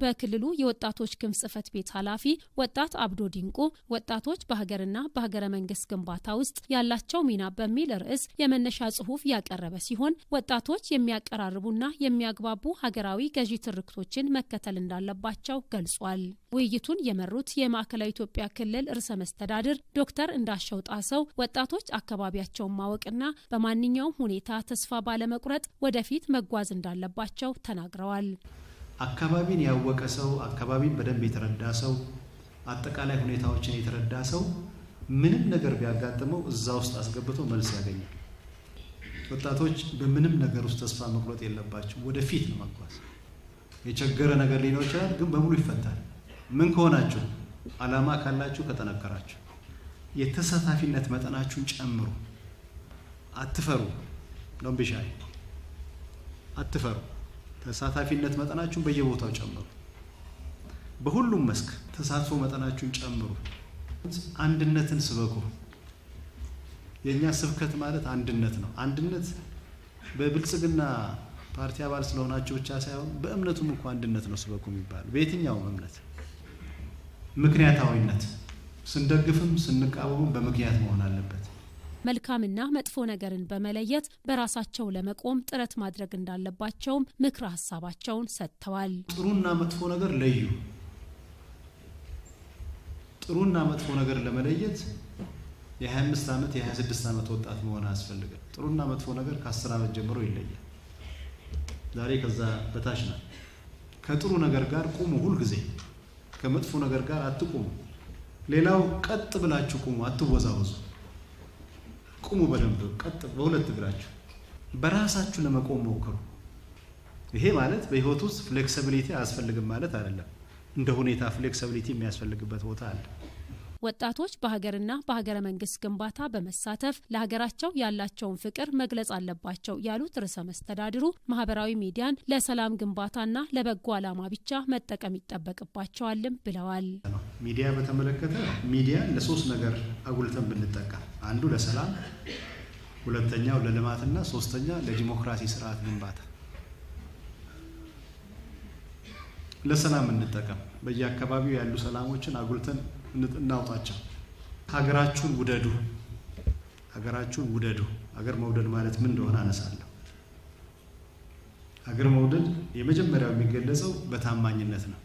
በክልሉ የወጣቶች ክንፍ ጽህፈት ቤት ኃላፊ ወጣት አብዶ ዲንቁ ወጣቶች በሀገርና በሀገረ መንግስት ግንባታ ውስጥ ያላቸው ሚና በሚል ርዕስ የመነሻ ጽሁፍ ያቀረበ ሲሆን ወጣቶች የሚያቀራርቡና የሚያግባቡ ሀገራዊ ገዢ ትርክቶችን መከተል እንዳለባቸው ገልጿል። ውይይቱን የመሩት የማዕከላዊ ኢትዮጵያ ክልል ርዕሰ መስተዳድር ዶክተር እንዳሸው ጣሰው ወጣቶች አካባቢያቸውን ማወቅና በማንኛውም ሁኔታ ተስፋ ባለመቁረጥ ወደፊት መጓዝ እንዳለባቸው ተናግረዋል። አካባቢን ያወቀ ሰው፣ አካባቢን በደንብ የተረዳ ሰው፣ አጠቃላይ ሁኔታዎችን የተረዳ ሰው ምንም ነገር ቢያጋጥመው እዛ ውስጥ አስገብቶ መልስ ያገኛል። ወጣቶች በምንም ነገር ውስጥ ተስፋ መቁረጥ የለባቸው። ወደፊት ነው መጓዝ። የቸገረ ነገር ሊኖር ይችላል፣ ግን በሙሉ ይፈታል። ምን ከሆናችሁ፣ አላማ ካላችሁ፣ ከጠነከራችሁ፣ የተሳታፊነት መጠናችሁን ጨምሩ። አትፈሩ ነው ብሻይ አትፈሩ። ተሳታፊነት መጠናችሁን በየቦታው ጨምሩ። በሁሉም መስክ ተሳትፎ መጠናችሁን ጨምሩ። አንድነትን ስበኩ። የእኛ ስብከት ማለት አንድነት ነው። አንድነት በብልጽግና ፓርቲ አባል ስለሆናችሁ ብቻ ሳይሆን በእምነቱም እኮ አንድነት ነው ስበኩ የሚባለው በየትኛውም እምነት። ምክንያታዊነት ስንደግፍም ስንቃወምም በምክንያት መሆን አለበት። መልካምና መጥፎ ነገርን በመለየት በራሳቸው ለመቆም ጥረት ማድረግ እንዳለባቸውም ምክረ ሀሳባቸውን ሰጥተዋል። ጥሩና መጥፎ ነገር ለዩ። ጥሩና መጥፎ ነገር ለመለየት የ25 ዓመት የ26 ዓመት ወጣት መሆን ያስፈልጋል። ጥሩና መጥፎ ነገር ከ10 ዓመት ጀምሮ ይለያል። ዛሬ ከዛ በታች ናት። ከጥሩ ነገር ጋር ቁሙ፣ ሁልጊዜ ከመጥፎ ነገር ጋር አትቁሙ። ሌላው ቀጥ ብላችሁ ቁሙ፣ አትወዛወዙ። ቁሙ። በደንብ ቀጥ በሁለት እግራችሁ በራሳችሁ ለመቆም ሞክሩ። ይሄ ማለት በህይወት ውስጥ ፍሌክሲቢሊቲ አያስፈልግም ማለት አይደለም። እንደ ሁኔታ ፍሌክሲቢሊቲ የሚያስፈልግበት ቦታ አለ። ወጣቶች በሀገርና በሀገረ መንግስት ግንባታ በመሳተፍ ለሀገራቸው ያላቸውን ፍቅር መግለጽ አለባቸው ያሉት ርዕሰ መስተዳድሩ ማህበራዊ ሚዲያን ለሰላም ግንባታና ለበጎ ዓላማ ብቻ መጠቀም ይጠበቅባቸዋልም ብለዋል። ሚዲያ በተመለከተ ሚዲያን ለሶስት ነገር አጉልተን ብንጠቀም አንዱ ለሰላም፣ ሁለተኛው ለልማትና ሶስተኛ ለዲሞክራሲ ስርዓት ግንባታ ለሰላም እንጠቀም። በየአካባቢው ያሉ ሰላሞችን አጉልተን እናውጣቸው። ሀገራችሁን ውደዱ፣ ሀገራችሁን ውደዱ። ሀገር መውደድ ማለት ምን እንደሆነ አነሳለሁ። ሀገር መውደድ የመጀመሪያው የሚገለጸው በታማኝነት ነው።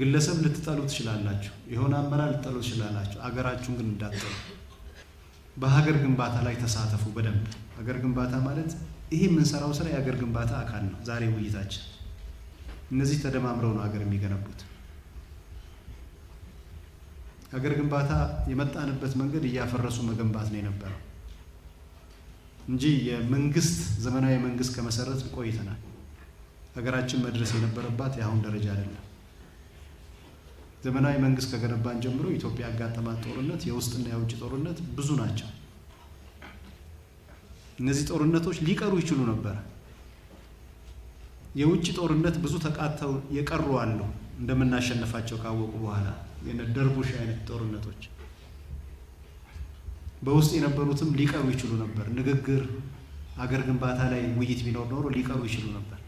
ግለሰብ ልትጠሉ ትችላላችሁ፣ የሆነ አመራር ልትጠሉ ትችላላችሁ። ሀገራችሁን ግን እንዳትጠሉ። በሀገር ግንባታ ላይ ተሳተፉ በደንብ። ሀገር ግንባታ ማለት ይሄ የምንሰራው ስራ የሀገር ግንባታ አካል ነው። ዛሬ ውይይታችን እነዚህ ተደማምረው ነው ሀገር የሚገነቡት። ሀገር ግንባታ የመጣንበት መንገድ እያፈረሱ መገንባት ነው የነበረው እንጂ የመንግስት ዘመናዊ መንግስት ከመሰረት ቆይተናል። ሀገራችን መድረስ የነበረባት የአሁን ደረጃ አይደለም። ዘመናዊ መንግስት ከገነባን ጀምሮ ኢትዮጵያ ያጋጠማት ጦርነት፣ የውስጥና የውጭ ጦርነት ብዙ ናቸው። እነዚህ ጦርነቶች ሊቀሩ ይችሉ ነበር። የውጭ ጦርነት ብዙ ተቃተው የቀሩ አሉ። እንደምናሸንፋቸው ካወቁ በኋላ ደርቡሽ አይነት ጦርነቶች በውስጥ የነበሩትም ሊቀሩ ይችሉ ነበር። ንግግር፣ አገር ግንባታ ላይ ውይይት ቢኖር ኖሮ ሊቀሩ ይችሉ ነበር።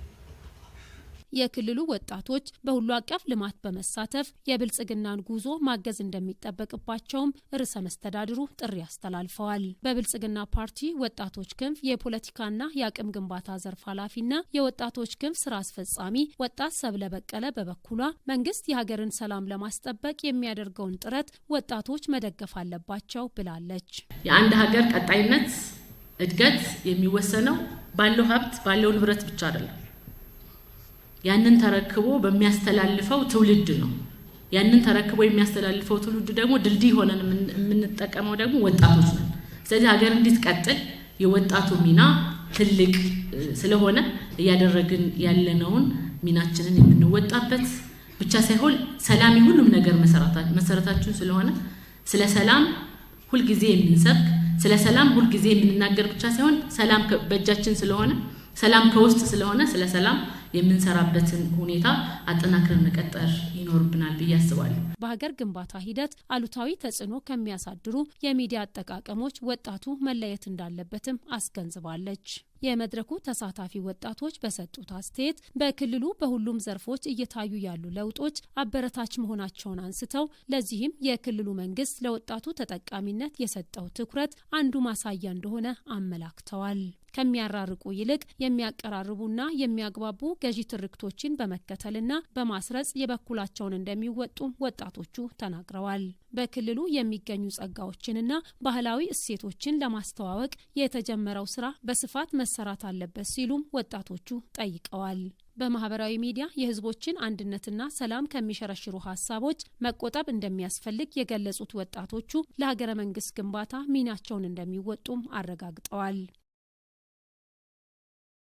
የክልሉ ወጣቶች በሁሉ አቀፍ ልማት በመሳተፍ የብልጽግናን ጉዞ ማገዝ እንደሚጠበቅባቸውም ርዕሰ መስተዳድሩ ጥሪ አስተላልፈዋል። በብልጽግና ፓርቲ ወጣቶች ክንፍ የፖለቲካና የአቅም ግንባታ ዘርፍ ኃላፊና የወጣቶች ክንፍ ስራ አስፈጻሚ ወጣት ሰብለ በቀለ በበኩሏ መንግስት የሀገርን ሰላም ለማስጠበቅ የሚያደርገውን ጥረት ወጣቶች መደገፍ አለባቸው ብላለች። የአንድ ሀገር ቀጣይነት እድገት የሚወሰነው ባለው ሀብት ባለው ንብረት ብቻ አይደለም። ያንን ተረክቦ በሚያስተላልፈው ትውልድ ነው። ያንን ተረክቦ የሚያስተላልፈው ትውልድ ደግሞ ድልድይ ሆነን የምንጠቀመው ደግሞ ወጣቶች ነን። ስለዚህ ሀገር እንዲትቀጥል የወጣቱ ሚና ትልቅ ስለሆነ እያደረግን ያለነውን ሚናችንን የምንወጣበት ብቻ ሳይሆን ሰላም የሁሉም ነገር መሰረታችን ስለሆነ ስለ ሰላም ሁልጊዜ የምንሰብክ ስለ ሰላም ሁልጊዜ የምንናገር ብቻ ሳይሆን ሰላም በእጃችን ስለሆነ ሰላም ከውስጥ ስለሆነ ስለ ሰላም የምንሰራበትን ሁኔታ አጠናክረን መቀጠር ይኖርብናል ብዬ አስባለሁ። በሀገር ግንባታ ሂደት አሉታዊ ተጽዕኖ ከሚያሳድሩ የሚዲያ አጠቃቀሞች ወጣቱ መለየት እንዳለበትም አስገንዝባለች። የመድረኩ ተሳታፊ ወጣቶች በሰጡት አስተያየት በክልሉ በሁሉም ዘርፎች እየታዩ ያሉ ለውጦች አበረታች መሆናቸውን አንስተው ለዚህም የክልሉ መንግስት ለወጣቱ ተጠቃሚነት የሰጠው ትኩረት አንዱ ማሳያ እንደሆነ አመላክተዋል። ከሚያራርቁ ይልቅ የሚያቀራርቡና የሚያግባቡ ገዢ ትርክቶችን በመከተልና በማስረጽ የበኩላቸውን እንደሚወጡ ወጣቶቹ ተናግረዋል። በክልሉ የሚገኙ ጸጋዎችንና ባህላዊ እሴቶችን ለማስተዋወቅ የተጀመረው ስራ በስፋት መሰራት አለበት ሲሉም ወጣቶቹ ጠይቀዋል። በማህበራዊ ሚዲያ የህዝቦችን አንድነትና ሰላም ከሚሸረሽሩ ሀሳቦች መቆጠብ እንደሚያስፈልግ የገለጹት ወጣቶቹ ለሀገረ መንግስት ግንባታ ሚናቸውን እንደሚወጡም አረጋግጠዋል።